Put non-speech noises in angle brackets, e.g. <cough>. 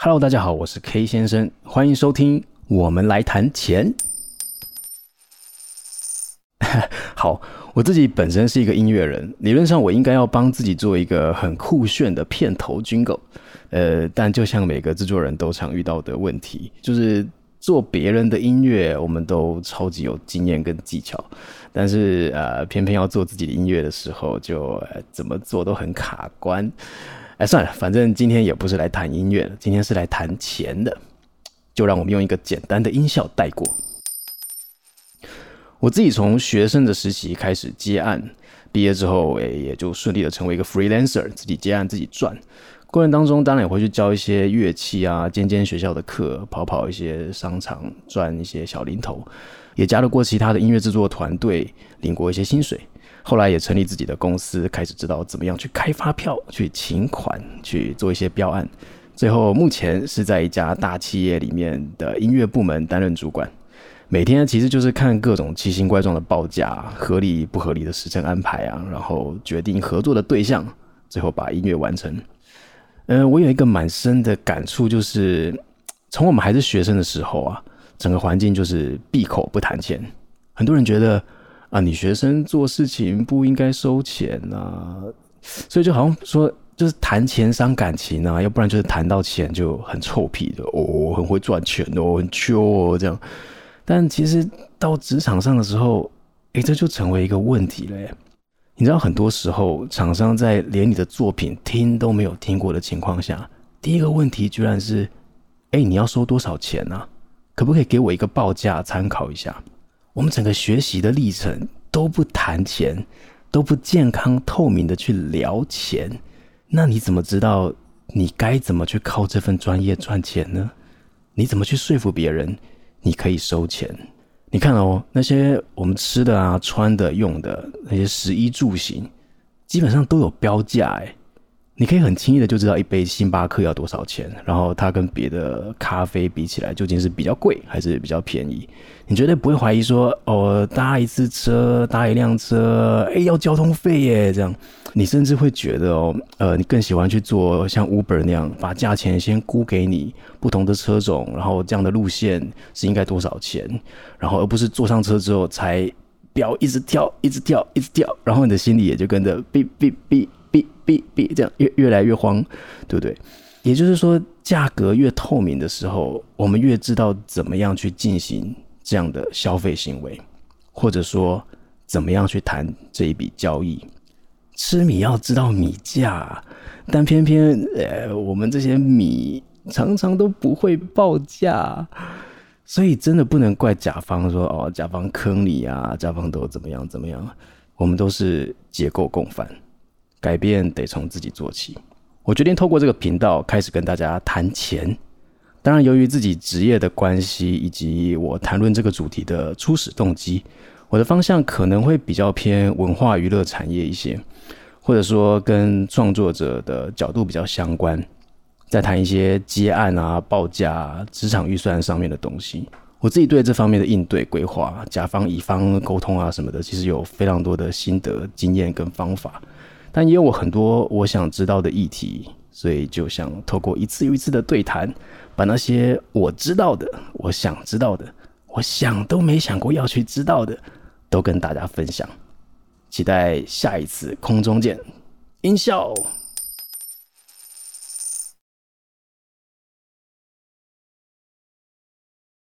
Hello，大家好，我是 K 先生，歡迎收聽我們來談錢。 <laughs> 好，我自己本身是一個音樂人，理論上我應該要幫自己做一個很酷炫的片頭 Jingle。呃，但就像每個製作人都常遇到的問題，就是做別人的音樂，我們都超級有經驗跟技巧，但是呃，偏偏要做自己的音樂的時候就，就、呃、怎麼做都很卡關。哎，算了，反正今天也不是來談音樂的，今天是來談錢的，就讓我們用一個簡單的音效帶過。我自己從學生的時期開始接案，畢業之後哎也就順利的成為一個 freelancer，自己接案，自己賺。過程當中，當然也會去教一些樂器啊，兼兼學校的課，跑跑一些商場，賺一些小零頭，也加入過其他的音樂製作團隊，領過一些薪水。後來也成立自己的公司，開始知道怎麼樣去開發票，去請款，去做一些標案。最後目前是在一家大企業裡面的音樂部門擔任主管，每天其實就是看各種奇形怪狀的報價，合理不合理的時程安排啊，然後決定合作的對象，最後把音樂完成。嗯、呃，我有一個蠻深的感觸，就是從我們還是學生的時候啊，整個環境就是閉口不談錢。很多人覺得啊，你學生做事情不應該收錢吶、啊，所以就好像說，就是談錢傷感情啊，要不然就是談到錢就很臭屁的。哦，很會賺錢哦，很秋哦，這樣。但其實到職場上的時候，誒，這就成為一個問題嘞。你知道，很多時候廠商在連你的作品聽都沒有聽過的情況下，第一個問題居然是：誒，你要收多少錢啊？可不可以給我一個報價參考一下？我們整個學習的歷程都不談錢，都不健康透明的去聊錢，那你怎麼知道你該怎麼去靠這份專業賺錢呢？你怎麼去說服別人你可以收錢？你看哦，那些我們吃的啊、穿的、用的，那些食衣住行，基本上都有標價誒。你可以很輕易的就知道一杯星巴克要多少錢，然後它跟別的咖啡比起來究竟是比較貴還是比較便宜？你絕對不會懷疑說，哦，搭一次車，搭一輛車，哎，要交通費耶這樣。你甚至會覺得哦，呃，你更喜歡去坐像 Uber 那樣把價錢先估給你不同的車種，然後這樣的路線是應該多少錢，然後而不是坐上車之後才表一直跳一直跳、一直跳，一直跳，然後你的心裡也就跟着嗶嗶嗶。比比比這樣，越越來越慌，對不對？也就是說，價格越透明的時候，我們越知道怎麼樣去進行這樣的消費行為，或者說怎麼樣去談這一筆交易。吃米要知道米價，但偏偏呃、哎，我們這些米常常都不會報價，所以真的不能怪甲方說哦，甲方坑你啊，甲方都怎麼樣怎麼樣，我們都是結構共犯。改變得從自己做起。我決定透過這個頻道開始跟大家談錢。當然，由於自己職業的關係，以及我談論這個主題的初始動機，我的方向可能會比較偏文化娛樂產業一些，或者說跟創作者的角度比較相關。再談一些接案啊、報價啊、職場預算上面的東西，我自己對這方面的應對規劃、甲方乙方溝通啊什麼的，其實有非常多的心得、經驗跟方法。但也有很多我想知道的議題，所以就想透過一次又一次的對談，把那些我知道的、我想知道的、我想都沒想過要去知道的，都跟大家分享。期待下一次空中見，音效。